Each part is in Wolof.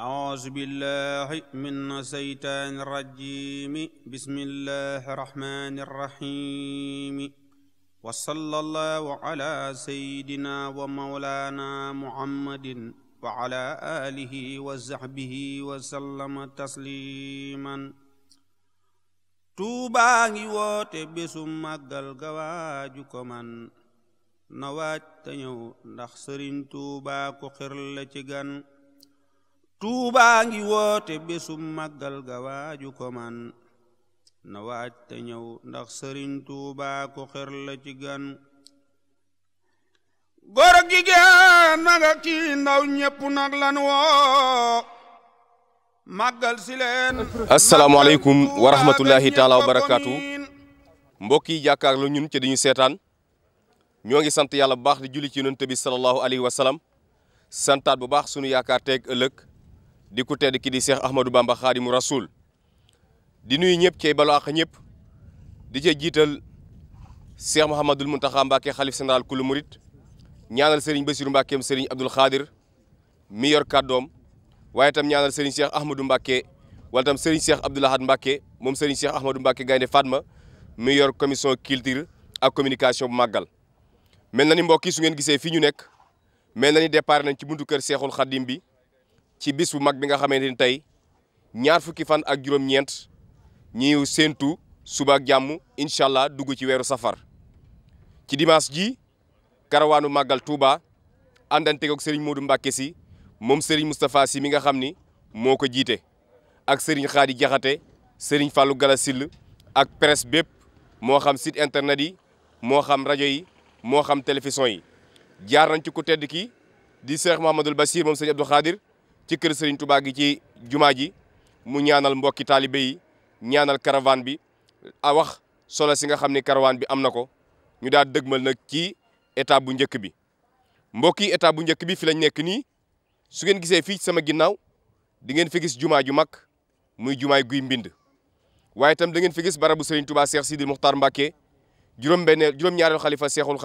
أعوذ بالله من الشيطان الرجيم بسم الله الرحمن الرحيم وصلى الله على سيدنا ومولانا محمد وعلى آله وصحبه وسلم تسليما tuubaa ngi woote bésu màggal gawaaju ko man na waaj te ñëw ndax sëriñ tuubaa ko xir la ci gan tuubaa ngi woote bésum màggal ga waaju ko man na waaj ñëw ndax sëriñ tuubaa ko xer la ci gan góor ak jigéen mag ak ci ndaw ñépp nag lan woo màggal si leen asalaamaaleykum wa taala wa barakaatu mbokk yi jàkkaarlu ñun ci dañu seetaan ñoo ngi sant yàlla bu baax di julli ci yonent bi alayhi wa salaam santaat bu baax sunu yaakaar teeg ëllëg di ku tedd ki di Cheikh Ahmadou Bamba Khadimu Rasoul di nuyu ñëpp cey balu àq ñëpp di ca jiital Cheikh Mouhamadul Mountakha Mbacké xalif général kulu murit ñaanal Serigne Bassirou Mbackeem Serigne Abdoul Khadir mi yor kàddoom waaye tam ñaanal Serigne Cheikh Ahmadou Mbacke wala tam Serigne Cheikh Abdoul Ahad Mbacke moom Serigne Cheikh Ahmadou Mbacke Gaynde Fatma mi yor commission culture ak communication bu màggal. mel na ni mbokk yi su ngeen gisee fii ñu nekk mel na ni départ nañ ci buntu kër Cheikhul Khadim bi. ci bis bu mag bi nga xamante ni tey ñaar fukki fan ak juróom-ñeent ñiw séentu suba ak jàmm incha allah dugg ci weeru safar ci dimanche ji karawaanu màggal Touba àndanteeg ak Serigne Modou Mbacke si moom Serigne Moustapha si mi nga xam ni moo ko jiite ak Serigne Khady Diakhaté Serigne Fallou Galassill ak presse bépp moo xam site internet yi moo xam rajo yi moo xam télévision yi jaar nañ ci ku tedd ki di Cheikh Mouhamadoul Bachir moom Serigne Abdou Khadir ci kër sëriñ Touba gi ci jumaa ji mu ñaanal mbokki taalibe yi ñaanal caravane bi a solo si nga xam ni caravane bi am na ko ñu daal dëgmal na ci état bu njëkk bi mbokk yi état bu njëkk bi fi lañ nekk nii su ngeen gisee fii sama ginnaaw di ngeen fi gis jumaa ju mag muy jumaay guy mbind waaye tam da ngeen fi gis barabu Serigne Touba Cheikh Sidi Mokhtar Mbacké juróom benn juróom-ñaareelu xalifa Cheikhul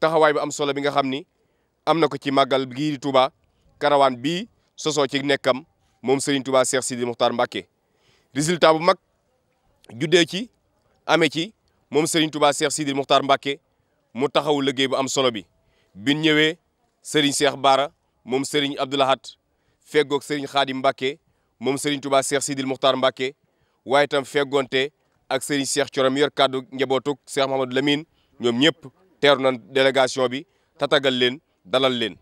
taxawaay bi am solo bi nga xam ni am na ko ci màggal gii di Touba caravane bii sosoo ci nekkam moom Serigne Touba Cheikh Sidi Mokhtar Mbacké résultat bu mag juddee ci amee ci moom Serigne Touba Cheikh Sidi Mokhtar Mbacké mu taxaw liggéey bu am solo bi bin ñëwee Serigne Cheikh Bara moom Serigne Abdou Lahad feggoog Serigne Khadim Mbacké moom Serigne Touba Cheikh Sidi Mokhtar Mbacké waaye itam feggoonte ak Serigne Cheikh Corom yor kàddu njabootug Cheikh Mahamadou ñoom ñëpp teeru na délégation bi tatagal leen dalal leen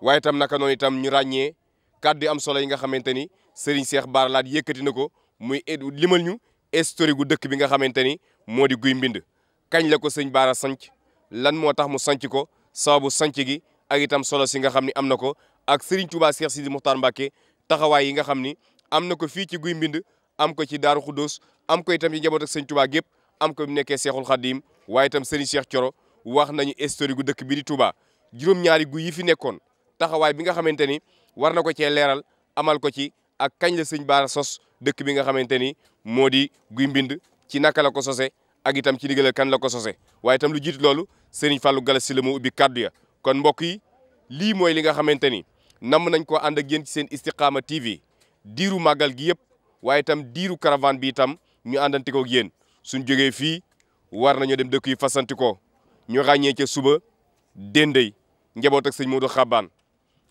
waaye itam naka noonu itam ñu ràññee kàddu am solo yi nga xamante ni Serigne Cheikh Bara Laat yëkkati na ko muy limal ñu historique gu dëkk bi nga xamante ni moo di guy mbind kañ la ko sëñ Bara sanc lan moo tax mu sanc ko sababu sanc gi ak itam solo si nga xam ni am na ko ak sëriñ Touba Cheikh Sidi Moukhtar Mbacké taxawaay yi nga xam ni am na ko fii ci guy mbind am ko ci Daaru Xuddoos am ko itam ci njaboot ak sëñ Touba gépp am ko bu nekkee Seexul Xaddiim waaye itam Serigne Cheikh Thioro wax nañu historique gu dëkk bi di Touba juróom-ñaari guy yi nekkoon taxawaay war na ko cee leeral amal ko ci ak kañ la sëñ Bara sos dëkk bi nga xamante ni moo di guy mbind ci naka la ko sose ak itam ci diggale kan la ko sose waaye itam lu jiit loolu sëriñ falu Galass si la mu ubbi kaddu ya kon mbokk yi lii mooy li nga xamante ni namm nañ ko ànd ak yéen ci seen Istikhama TV diiru màggal gi yëpp waaye itam diiru caravane bi itam ñu àndante ko ak yéen suñ jógee fii war nañoo dem dëkk yi fasanti ko ñu ràññee ca suba déndey njaboot ak sëñ Modou Xabaan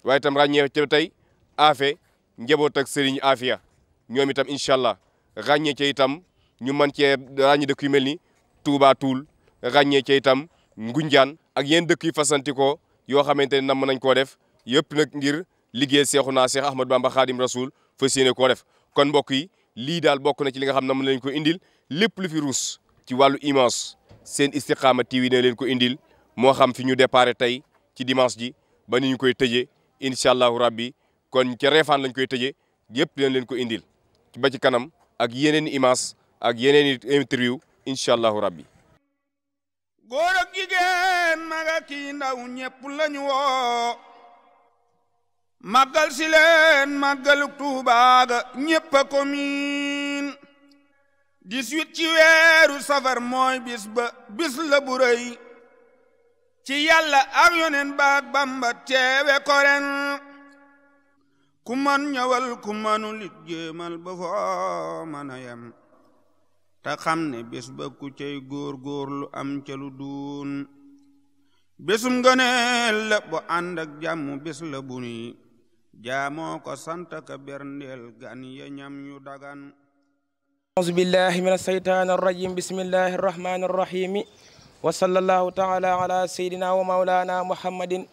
waaye itam ràññee ca tey Afe njaboot ak Serigne Afia ñoom itam incha allah ràññee ca itam ñu mën cee ràññee dëkk yu mel ni Touba Toul ràññee ca itam Ngunjaan ak yenn dëkk yu fasantikoo yoo xamante ne namm nañ koo def yëpp nag ngir liggéey Seexuna Seex Ahmadu Bamba Xaadim Rasul fas yéene koo def kon mbokk yi lii daal bokk na ci li nga xam ne mën nañ ko indil lépp lu fi ruus ci wàllu image seen Istikhama TV ne leen ko indil moo xam fi ñu déparé tey ci dimanche ji ba ni koy tëjee incha allahu rabbi kon ca reefaan lañ koy tëje yëpp dinañ leen ko indil ba ci kanam ak yeneen i image ak yeneen i interview incha allahu rabbi góor ak jigéen mag kii ndaw ñëpp lañu woo màggal si leen màggaluk Tuubaa ga ñëpp ci weeru safar mooy bis ba bis ci yàlla ak yonen baak bamba teewe ko ren ku man ñëwal ba foo mën a yem ne bés ba ku cay góor-góorlu am ca lu duun bésum ngëneel la bu ànd ak jàmm bés la bu jaamoo ko sant ka berndeel gan ya ñam yu dagan auzu billahi min asheytaan arrajim bismillahi arrahmani arrahimi wa sallallahu taala ala sayidina wa maulana muhammadin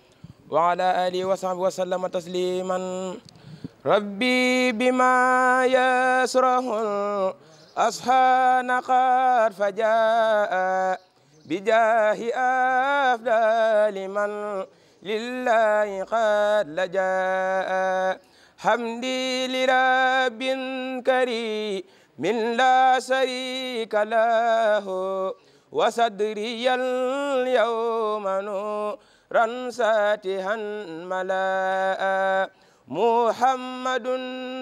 wa ala alihi wa sahbihi wa sallama tasliman rabbi bima yasrahul ashana qad fajaa bijahi afdali man lillahi qad lajaa hamdi li rabbin karimin la sharika lahu وصدري اليوم نورا ساتها ملاء محمد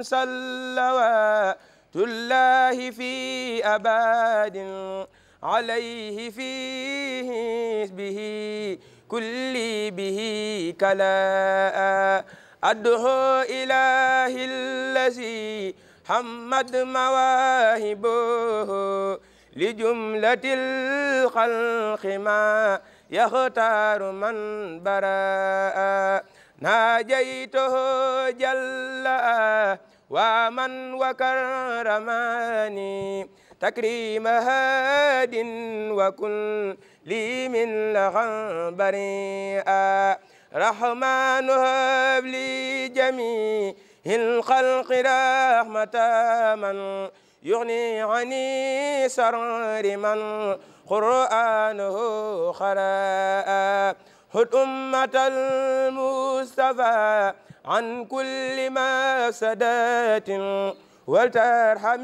صلوات الله في أباد عليه فيه به كل به كلاء أدعو إله الذي حمد مواهبه لجملة الخلق ما يختار من براء ناجيته جل ومن وكرماني تكريم هاد وكن لي من لغى بريئا رحمن هب لي جميع الخلق رحمة من يغني عني سرار من قرآنه خراء هد أمة المصطفى عن كل مفسدات ولترحم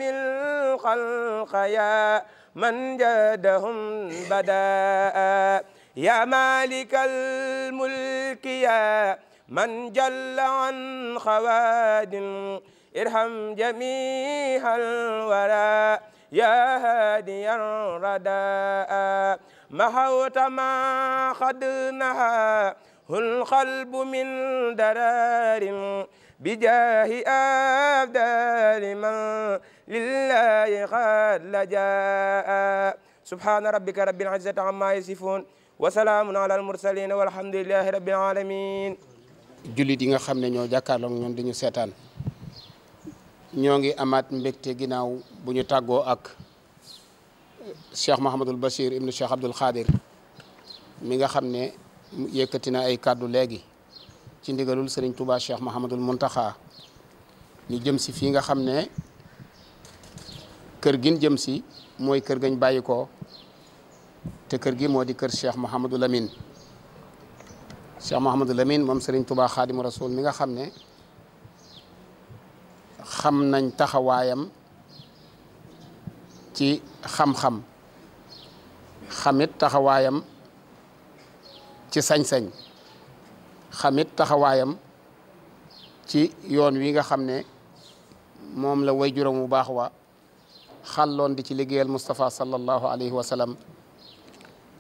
الخلق يا من جادهم بداء يا مالك الملك يا من جل عن خواد ارحم جميع الورى يا هادي الرداء محوت ما قد نهى القلب من درار بجاه أبدال من لله قد لجاء سبحان ربك رب العزة عما يصفون وسلام على المرسلين والحمد لله رب العالمين jullit yi nga xam ne ñoo jàkkaarloo ñun dañu seetaan ñoo ngi amaat mbégte ginnaaw bu ñu tàggoo ak eh, Cheikh Mahamadul Bachir ibnu Cheikh Abdoul Khadir mi nga xam ne yëkkati na ay kàddu léegi ci ndigalul Serigne Touba Cheikh Mahamadul Muntaxa ñu jëm si fii nga xam ne kër gin jëm si mooy kër gañ bàyyi ko te kër gi moo di kër Cheikh Mahamadul Amin Cheikh Mahamadul Amin moom Serigne Touba Xaadimu Rasul mi nga xam ne xam nañ taxawaayam ci xam-xam xamit taxawaayam ci sañ-sañ xamit taxawaayam ci yoon wi nga xam ne moom la way juróom bu baax wa loon di ci liggéeyal Moustapha sallallahu alayhi wa sallam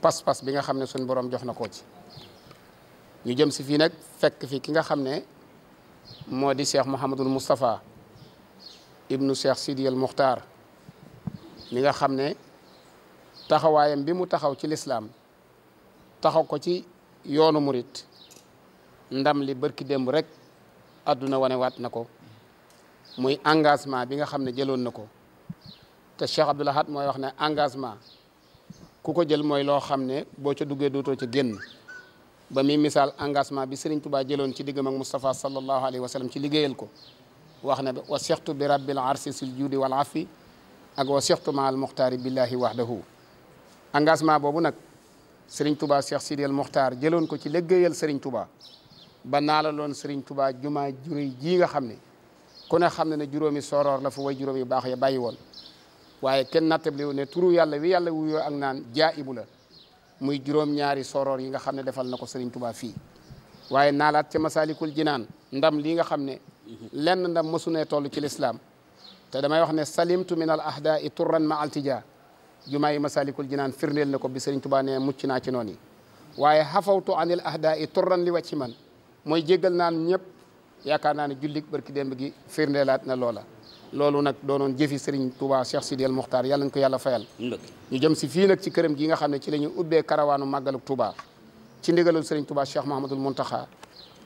pas-pas bi nga xam ne suñ boroom jox na ko ci ñu jëm si fii nag fekk fi ki nga xam ne moo di Cheikh Mouhamadul Moustapha ibnu cheikh sidi al muxtaar mi nga xam ne taxawaayam bi mu taxaw ci lislaam taxaw ko ci yoonu murit ndam li bërki démb rek adduna àdduna wanewaat na ko muy engagement bi nga xam ne jëloon na ko te Cheikh Abdoul Ahad mooy wax ne engagement ku ko jël mooy loo xam ne boo ca duggee dootoo ca génn ba muy misaal engagement bi Serigne Touba jëloon ci diggam ak Moustapha sallallahu alayhi wa sallam ci liggéeyal ko wax na wa sextu bi rabbil arsi sul juudi wal afi ak wa sextu ma al muxtaari billahi wahdahu engagement boobu nag Serigne Touba Cheikh Sidi al Muxtaar jëloon ko ci liggéeyal Serigne Touba ba naalaloon Serigne Touba jumaa juróy jii nga xam ne ku ne xam ne ne juróomi soroor la fa way juróom yu baax ya bàyyi woon waaye kenn nattabliwu ne turu yàlla wi yàlla wuyoo ak naan jaa ibu la muy juróom-ñaari soroor yi nga xam ne defal na ko Serigne Touba fii waaye naalaat lenn ndam mosunee toll ci lislaam te damay wax ne salimtu min al ahda i turran ma altija jumaa yi masalikul jinaan firndeel na ko bi sëriñ tubaa ne mucc naa ci noon yi waaye xafawtu an ahda i turran li wàcci man mooy jéggal naan ñëpp yaakaar naa ne jullik barki démb gi firndeelaat na loola loolu nag doonoon jëfi sëriñ Touba Cheikh Sidi El Mokhtar yàlla nañ ko yàlla fayal ñu jëm si fii nag ci këram gi nga xam ne ci la ñuy ubbee karawaanu màggaluk Touba ci ndigalul sëriñ Touba Cheikh Mahamadul Muntaxa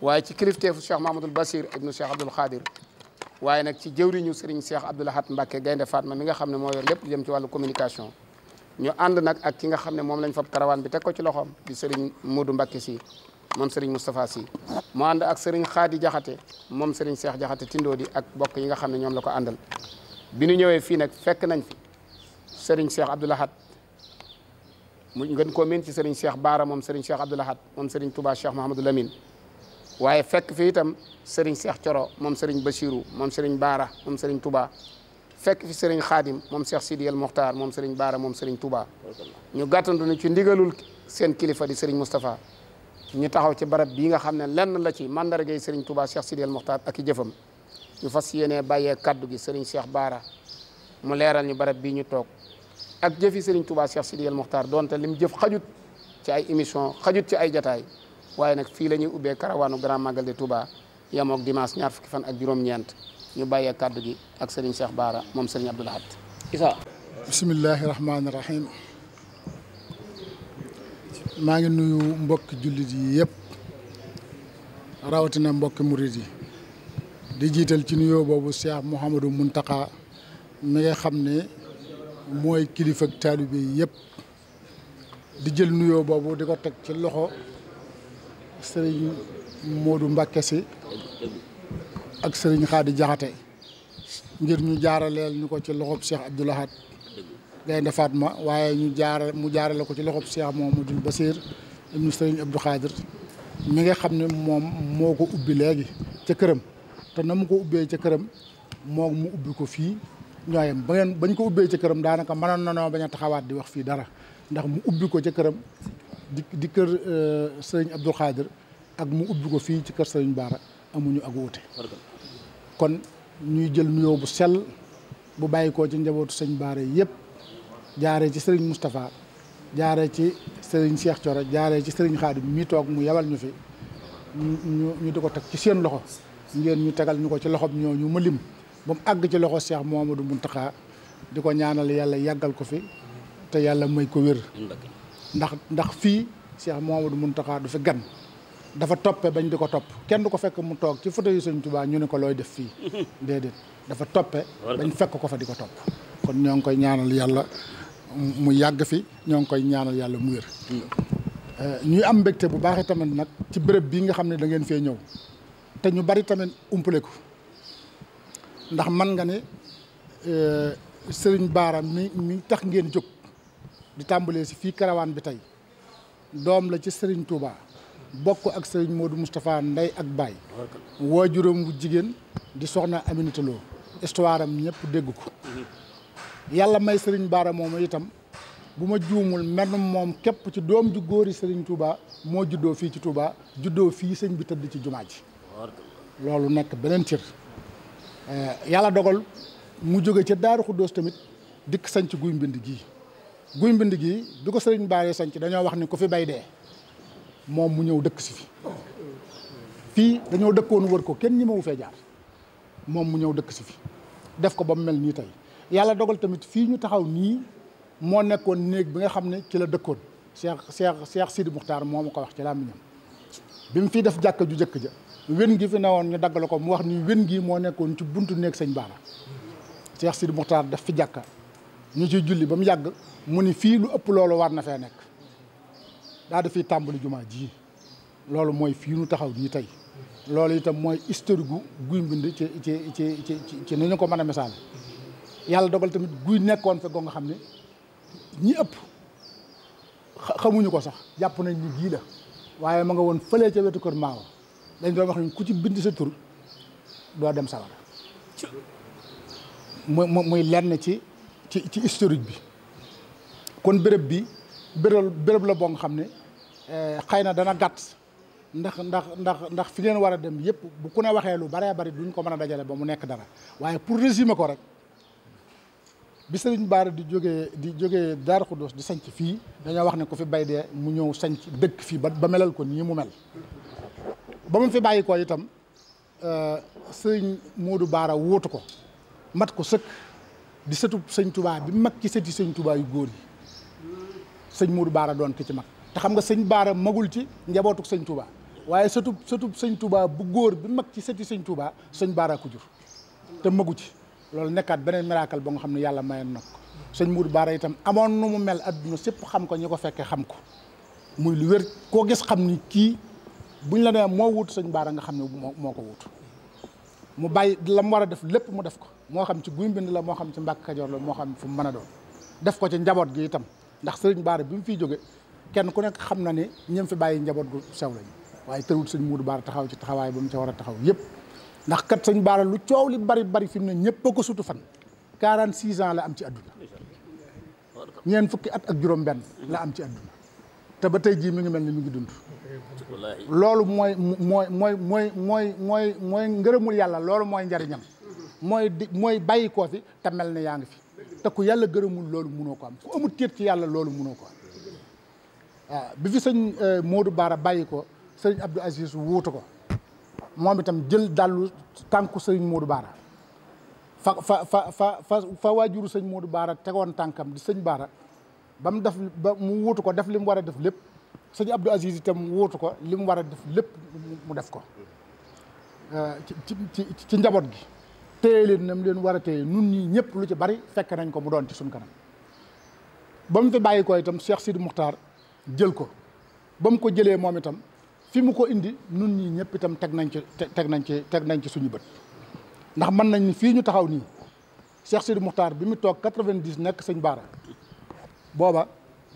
waaye ci kilifteefu Cheikh Mahamadoul Basir ibnu Cheikh Abdoul Khadir waaye nag ci jëwriñu Serigne Cheikh Abdoul Ahad Mbacké Gaynde Fatma mi nga xam ne moo yor lépp jëm ci wàllu communication ñu ànd nag ak ki nga xam ne moom lañ fab karawaan bi teg ko ci loxoom di Serigne Modou mbakke si moom Serigne Moustapha si mu ànd ak Serigne Khady Jaxate moom Serigne Cheikh jakate tindoo di ak bokk yi nga xam ne ñoom la ko àndal bi ñu ñëwee fii nag fekk nañ fi Serigne Cheikh Abdoul Ahad mu gën koo miin ci Serigne Cheikh Baara moom Serigne Cheikh Abdoul Ahad moom Serigne Touba Cheikh Mahamadou Lamine waaye fekk fii itam sëriñ Cheikh Coro moom sëriñ Bachirou moom sëriñ Baara moom sëriñ Touba fekk fi sëriñ Xaadim moom Cheikh Sidi El Mokhtar moom sëriñ moom sëriñ Touba ñu gàttandu ne ci ndigalul seen kilifa di sëriñ Moustapha ñu taxaw ci barab bii nga xam ne lenn la ci mandargay sëriñ Touba Cheikh Sidi El ak i jëfam ñu fas yéenee bàyyee kàddu gi sëriñ Cheikh Baara mu leeral ñu barab bii ñu toog ak jëfi sëriñ Touba Cheikh Sidi El Mokhtar donte mu jëf xajut ci ay émission xajut ci ay jataay waaye nag fii lañuy ñuy ubbee karawaanu Grand Magal de Touba yem ak ñaar fukki fan ak juróom-ñeent ñu bàyyee kàddu gi ak Serigne Cheikh Bara moom Serigne Abdou Lahad Isa bismillahi rahmaani rahim maa ngi nuyu mbokki jullit yi yëpp rawatina mbokki murit yi di jiital ci nuyoo boobu Cheikh Mouhamadou Mountakha mi nga xam ne mooy kilifa ak taalibe yi di jël nuyoo boobu di ko teg ci loxo sëriñ Modou Mbacke si ak sëriñ Xaadi Jaxate ngir ñu jaaraleel ñu ko ci loxob Cheikh Abdou Lahad defaat ma waaye ñu jaara mu jaarale ko ci loxob Cheikh mu Basir ibnu sëriñ Abdou Khadir mi nga xam ne moom moo ko ubbi léegi ca këram te na mu ko ubbee ca këram moo mu ubbi ko fii ñooyam ba ngeen bañ ko ubbee ca këram daanaka mënoon na noo bañ a taxawaat di wax fii dara ndax mu ubbi ko ca këram di kër euh, sëriñ Abdou Khadir ak mu ubbi ko fii ci kër sëriñ Baara amuñu ak wuute kon ñuy jël nuyoo bu sel bu bàyyi koo ci njabootu sëñ Baara yëpp jaaree ci sëriñ Moustapha jaare ci sëriñ Cheikh Thioro jaare ci sëriñ Khadim mii toog mu yabal ñu fi ñu ñu di ko teg ci seen loxo ngeen ñu tegal ñu ko ci loxob ñoo ñu ma lim ba mu àgg ci loxo Cheikh Mouhamadou Mountakha di ko ñaanal yàlla yàggal ko fi te yàlla may ko wér ndax ndax fii Cheikh Mouhamadou Mountakha du fi gan dafa toppe bañ di ko topp kenn du ko fekk mu toog ci photo yu Sëñ Tuubaa ñu ne ko looy def fii déedéet dafa toppe bañ fekk ko fa di ko topp kon ñoo ngi koy ñaanal yàlla mu yàgg fi ñoo ngi koy ñaanal yàlla mu wér eh, ñuy am mbégte bu baax tamit nag ci béréb bii nga xam ne dangeen fee ñëw te ñu bari tamit umpale ko ndax man nga ne eh, Sëriñ Baara mi mi tax ngeen jóg di tàmbalee si fii karawaan bi tey doom la ci Serigne Touba bokk ak Serigne Modou Moustapha ndey ak baay juróom wu jigéen di soxna Aminata Lo histoire ñëpp dégg ko yàlla may Serigne Bara moomu itam bu ma juumul menn moom képp ci doom ju góori Serigne Touba moo juddoo fii ci Touba juddoo fii sëñ bi tëdd ci jumaa ji loolu nekk beneen cër eh, yàlla dogal mu jóge ca Daaru Xuddoos tamit dikk sañ ci guy mbind gii guy mbind gi du ko sëriñ Baare sanc dañoo wax ni ku fi bay dee moom mu ñëw dëkk si fi fii dañoo dëkkoon wër ko kenn ñi mawu fee jaar moom mu ñëw dëkk si fi def ko ba mu mel nii tey yàlla dogal tamit fii ñu taxaw nii moo nekkoon néeg bi nga xam ne ci la dëkkoon Cheikh Cheikh Cheikh Sidi Muxtaar moo ma ko wax ci làmmiñam bi mu fi def jàkka ju jëkk ja wén gi fi newoon ñu daggale ko mu wax ni wén gi moo nekkoon ci buntu néeg sëñ Baara Cheikh Sidi Muxtaar def fi jàkka ñu ciy julli ba mu yàgg mu ni fii lu ëpp loolu war na fee nekk daa di fiy tàmbali jumaa ji loolu mooy fii nu taxaw nii tey loolu itam mooy historique gu guy mbind ci ci ci ci ci ni ñu ko mën a misaale yàlla dogal tamit guy nekkoon fe goo nga xam ni ñi ëpp xamuñu ko sax jàpp nañ ni gii la waaye ma nga woon fëlee ca wetu kër maawa dañ doon wax ni ku ci bind sa tur doo dem sawara muy muy lenn ci ci ci historique bi kon béréb bi béréb bërëb la boo nga xam ne eh, xëy na dana gàtt ndax ndax ndax ndax fi ngeen war a dem yëpp bu ku ne waxee lu baree bari duñ ko mën a dajale ba mu nekk dara waaye pour résumer ko rek bi Sëriñ Baara di jóge di jógee Daaru Xuddoos di sañc fii dañoo wax ne ku fi bay dee mu ñëw sanc dëkk fii ba ba melal ko nii mu mel ba mu fi bàyyi ko itam eh, sëriñ Moodu Baara wóotu ko mat ko sëkk di sëtu sëñ Tubaa bi mag ci sëti sëñ Tubaa yu góor yi sëñ Mourou Baara doon ki ci mag te xam nga sëñ Baara magul ci njabootu sëñ Touba waaye sëtu sëtu sëñ Touba bu góor bi mag ci sëti sëñ Touba sëñ Baara ku te magu ci loolu nekkaat beneen miracle ba nga xam ne yàlla mayoon na sëñ Mourou Baara itam amoon nu mu mel adduna sépp xam ko ñi ko fekkee xam ko muy lu wér ko gis xam ni kii buñ la nee moo wut sëñ Baara nga xam ne moo moo ko wut mu bàyyi la mu war a def lépp mu def ko moo xam ci guy mbind la moo xam ci mbàkk kajoor moo xam fu mu mën a doon def ko ci njaboot gi itam ndax sëriñ Baara bi mu fiy jóge kenn ku nekk xam na ni ñem fi bàyyi njaboot gu sew lañu waaye tëwul sëñ Muudu Baara taxaw ci taxawaay ba mu ca war a taxaw yëpp ndax kat sëñ Baara lu coow li bari bari fi mu ne ñëpp ko sutu fan 46 ans la am ci àdduna ñeent fukki at ak juróom benn la am ci àdduna te ba tey jii mi ngi mel ni mi ngi dund loolu mooy mooy mooy mooy mooy mooy mooy ngërëmul yàlla loolu mooy njariñam mooy di mooy bàyyi koo fi te mel ne yaa ngi fi te ku yàlla gërëmul loolu munoo ko am ku amul tiit ci yàlla loolu munoo ko am bi fi sëñ euh, Modou Bara bàyyi ko sëñ Abdou Aziz wuutu ko moom itam jël dàllu tànku sëñ Modou baara fa fa fa fa fa waajuru sëñ Modou baara tegoon tànkam di sëñ baara ba mu def ba mu wuutu ko def li mu war a def lépp sëñ Abdou Aziz itam wuutu ko li mu war a def lépp mu def ko euh, ci ci ci njaboot gi. téye leen nam leen war nun ñi ñëpp lu ci bari fekk nañ ko mu doon ci suñ kanam ba mu fi bàyyi ko itam Cheikh Sidi Muxtaar jël ko ba mu ko jëlee moom itam fi mu ko indi nun ñi ñëpp itam teg nañ ci teg nañ ci teg nañ ci suñu bët ndax mën nañ fii ñu taxaw nii Cheikh Sidi Muxtaar bi mu toog 90 nekk sëñ Baara booba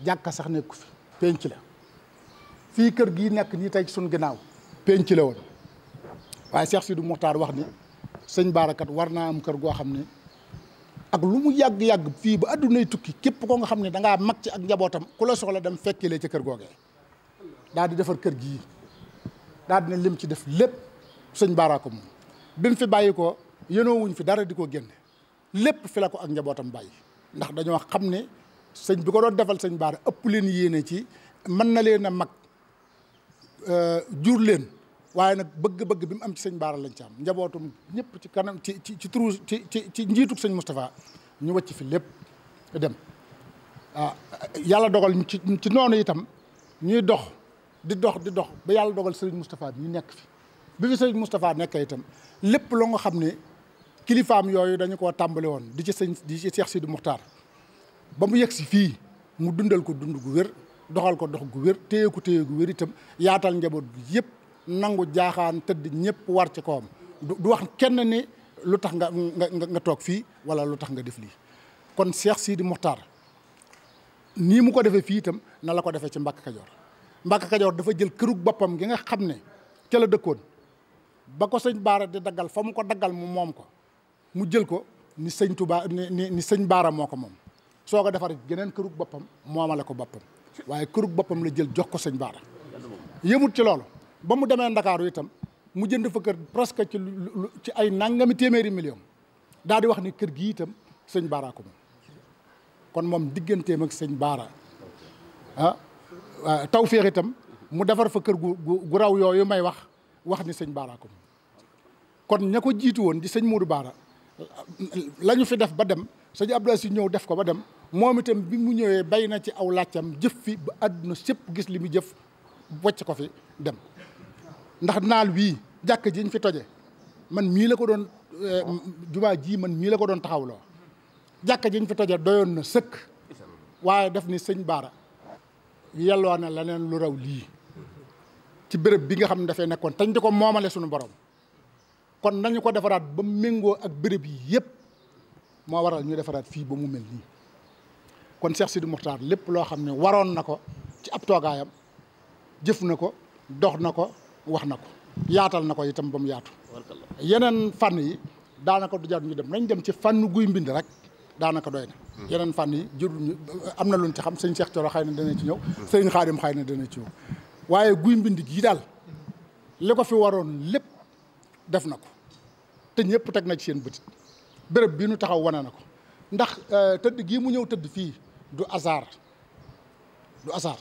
jàkka sax nekku fi penc la fii kër gii nekk nii tey ci suñ ginnaaw penc la woon waaye Cheikh Sidi Muxtaar wax ni sëñ baarakat war naa am kër goo xam ne ak lu mu yàgg-yàgg fii ba addunay tukki képp koo nga xam ne dangaa mag ci ak njabootam ku la soxla dem fekkelee ca kër googee daal di defar kër gii daal dina lim ci def lépp sëñ baaraa ko moom bi fi bàyyi ko yenoowuñ fi dara di ko génne lépp fi la ko ak njabootam bàyyi ndax dañoo xam ne sëñ bi ko doon defal sëñ baara ëpp leen yéene ci mën na leen a mag euh, jur leen waaye nag bëgg-bëgg bi mu am ci sëñ Baara lañ ci am njabootum ñëpp ci kanam ci ci ci turu ci ci ci njiitug sëñ Moustapha ñu wacc fi lépp dem ah yàlla dogal ci ci noonu itam ñuy dox di dox di dox ba yàlla dogal sëriñ Moustapha bi ñu nekk fi bi fi sëriñ Moustapha nekkee itam lépp loo nga xam ne kilifaam yooyu dañu ko tàmbali woon di ci sëñ di ci Cheikh Sidi Moukhtar ba mu yegg si fii mu dundal ko dund gu wér doxal ko dox gu wér téye ko téye gu wér itam yaatal njaboot gi yëpp. nangu jaaxaan tëdd ñëpp war ci koom du wax kenn ni lu tax nga nga nga toog fii wala lu tax nga def lii kon sii di Mokhtar nii mu ko defee fii itam na la ko defee ci Mbàkke Kajoor Mbàkke Kajoor dafa jël kërug boppam gi nga xam ne ca la dëkkoon ba ko sëñ Baara di daggal fa mu ko daggal mu moom ko mu jël ko ni sëñ Touba ni ni sëñ Baara moo ko moom soo ko defar geneen kërug boppam moomale ko boppam waaye kërug boppam la jël jox ko sëñ Baara yëmut ci loolu ba mu demee ndakaaru itam mu jënd fa kër presque ci ci ay nangami téeméeri million daal di wax ni kër gi itam sëñ Baara ko moom kon moom digganteem ak sëñ Baara ah taw féex itam mu defar fa kër gu gu raw yooyu may wax wax ni sëñ Baara ko moom kon ña ko jiitu woon di sëñ Moodu Baara la ñu fi def ba dem sëñ Abdou si ñëw def ko ba dem moom itam bi mu ñëwee bay na ci aw laajtam jëf fi ba àdduna sépp gis li mu jëf wacc ko fi dem ndax naal wii jàkk ji fi toje man mii la ko doon eh, jubaa jii man mii la ko doon taxawloo jàkk ji ñu fi toje doyoon na sëkk waaye def ni sëñ baara yelloo na leneen lu raw lii ci béréb bi nga xam ne dafay nekkoon tañ di ko moomale suñu borom kon nañu ko defaraat ba méngoo ak bërëb yi yëpp moo waral ñu defaraat fii ba mu mel nii kon Cheikh Sidi Moukhtar lépp loo xam ne waroon na ko ci ab toogaayam jëf na ko dox na ko wax na ko yaatal na ko itam ba mu yaatu yeneen fànn yi daanaka du jar ñu dem nañ dem ci fànn guy mbind rek daanaka doy na yeneen fànn yi jur am na luñ ci xam sëñ Cheikh Thioro xëy na dana ci ñëw sëñ xaarim xay na dana ci ñëw waaye guy mbind gii daal li ko fi waroon lépp def na ko te ñëpp teg na ci seen bëtit béréb bii nu taxaw wane na ko ndax euh, tëdd gii mu ñëw tëdd fii du hasard du hasard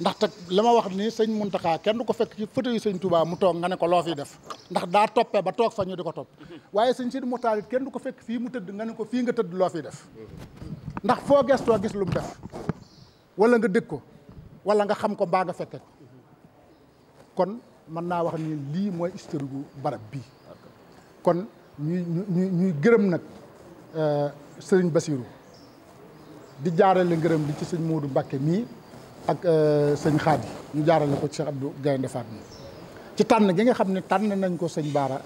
ndax teg li ma wax nii sëñ taxaa kenn du ko fekk ci fauteuil sëñ Touba mu toog nga ne ko loo fi def ndax daa toppe ba toog fa ñu di ko topp waaye sëñ Sidi Muxtaar it kenn du ko fekk fii mu tëdd nga ne ko fii nga tëdd loo fi def ndax foo gestoo gis lu mu def walla nga dégg ko walla nga xam ko mbaa nga fekke kon mën naa wax ni lii mooy historique gu barab bii kon ñuy ñuy gërëm nag euh, sëriñ Basiru di jaarale ngërëm li ci sëñ Moodu Mbàkke mii ak euh, sëñ Xaadi ñu la ko Cheikh Abdou Gaynde Fatma ci tànn gi nga xam ne tànn nañ ko sëñ Baara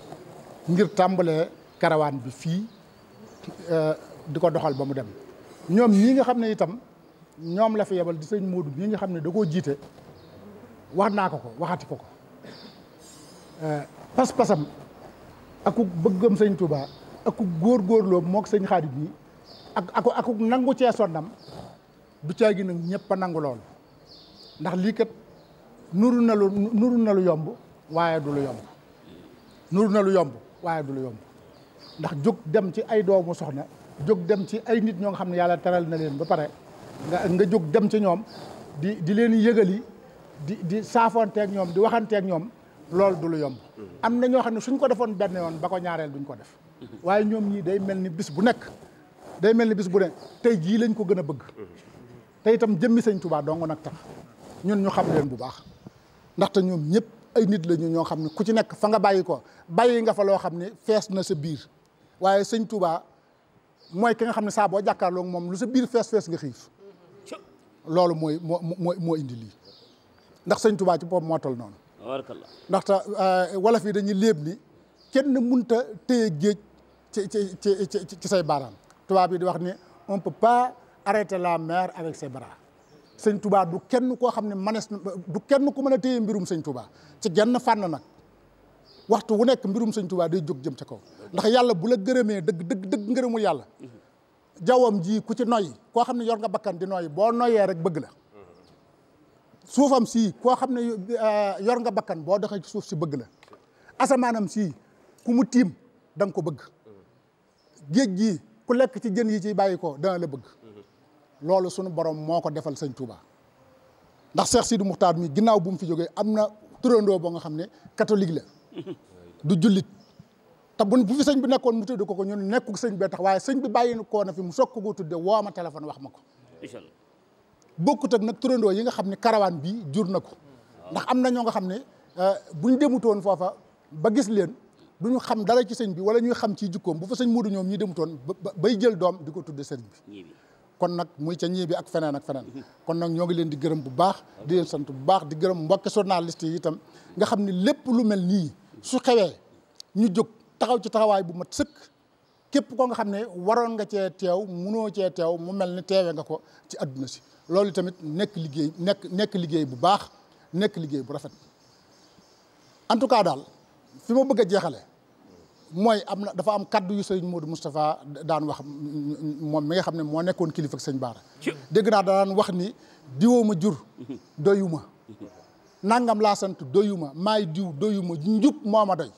ngir tàmbalee karawaan bi fii euh, di ko doxal ba mu dem ñoom ñii nga xam ne itam ñoom la fi yebal di sëñ Moodu ñi nga xam ne da koo jiite wax naa ko ko waxati ko ko euh, pas-pasam ak ku bëggam sëñ Touba ak ku góorgóorloo moog sëñ Xaadi bi ak ak ak nangu cee sonnam du caagi nag ñëpp a nangu lool. ndax lii kat nuru na nuru nalu yomb waaye du lu yomb nuru na lu yomb waaye du lu ndax jóg dem ci ay doomu soxna jóg dem ci ay nit ñoo nga xam ne yàlla teral na leen ba pare nga jóg dem ci ñoom di di leen yëgali di di saafoonteeg ñoom di waxanteeg ñoom loolu du lu yomb am na ñoo xam ne suñ ko defoon benn yoon ba ko ñaareel duñ ko def waaye ñoom ñii day mel ni bis bu nekk day mel ni bis bu nekk tey jii lañ ko gën a bëgg te itam jëmmi sëñ Tuubaa dong nag tax ñun ñu xam leen bu baax ndaxte ñoom ñëpp ay nit lañu ñoo xam ne ku ci nekk fa nga bàyyi ko bàyyi nga fa loo xam ne fees na sa biir waaye sëñ Touba mooy ki nga xam ne saa boo jàkkaarloog moom lu sa biir fees fees nga xiif loolu mooy moo moo moo ndax sëñ Touba ci bopp moo toll noonu. ndaxte euh, wolof yi dañuy léeb ni kenn mënut a téye géej ci ci ci ci say baaraam tubaab yi di wax ni on peut pas arrêter la mer avec ses bras. sëñ tubaa du kenn koo xam ne manes du kenn ku mën a téye mbirum sëñ tubaa ci genn fànn nag waxtu wu nekk mbirum sëñ tubaa day jóg jëm ca ko ndax yàlla bu la gërëmee dëgg dëgg ngërëmu ngërëmul yàlla jawam ji ku ci noyyi koo xam ne yor nga bakkan di noyyi boo noyee rek bëgg la suufam sii koo xam ne eh, yor nga bakkan boo doxee ci suuf si bëgg la asamaanam si ku mu tiim da ko bëgg géej gi ku lekk ci jën yi ciy bàyyi ko dana la bëgg loolu sunu borom moo ko defal sëñ Touba ndax Cheikh Sidi Moukhtar mi ginnaaw bu mu fi jógee am na turandoo boo nga xam ne catholique la du jullit te bu bu fi sëñ bi nekkoon mu tudd ko ko ñun nekkul sëñ bee tax waaye sëñ bi bàyyi koo na fi mu soog ko tudde woo ma téléphone wax ma ko bokkut ak nag turandoo yi nga xam ne karawaan bi jur na ko ndax am na ñoo nga xam ne euh, buñ demutoon foofa ba gis leen duñu xam dara ci sëñ bi wala ñuy xam ci jukkoom bu fa sëñ Moodu ñoom ñi demutoon bay jël doom di ko tudde sëñ kon nag muy ca ñii ak feneen ak feneen kon nag ñoo ngi leen di gërëm bu baax di leen sant bu baax di gërëm mbokki journaliste yi itam nga xam ne lépp lu mel nii su xewee ñu jóg taxaw ci taxawaay bu mat sëkk képp ko nga xam ne waroon nga cee teew munoo cee teew mu mel ni teewe nga ko ci àdduna si loolu tamit nekk liggéey nekk nekk liggéey bu baax nekk liggéey bu rafet en tout cas daal fi ma bëgg a jeexale mooy am na dafa am kàddu yu sëñ Modou Moustapha daan wax moom mi nga xam ne moo nekkoon kilifa ak sëñ Baara. dégg naa daan wax ni diwoo ma jur doyuma nangam laa sant doyuma maay diw doyuma njub moo ma doy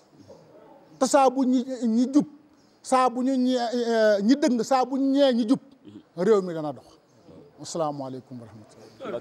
te saa bu ñi ñi jub saa bu ñu ñi dëng saa bu ñee ñi jub réew mi dana dox asalaamaaleykum wa rahmatullah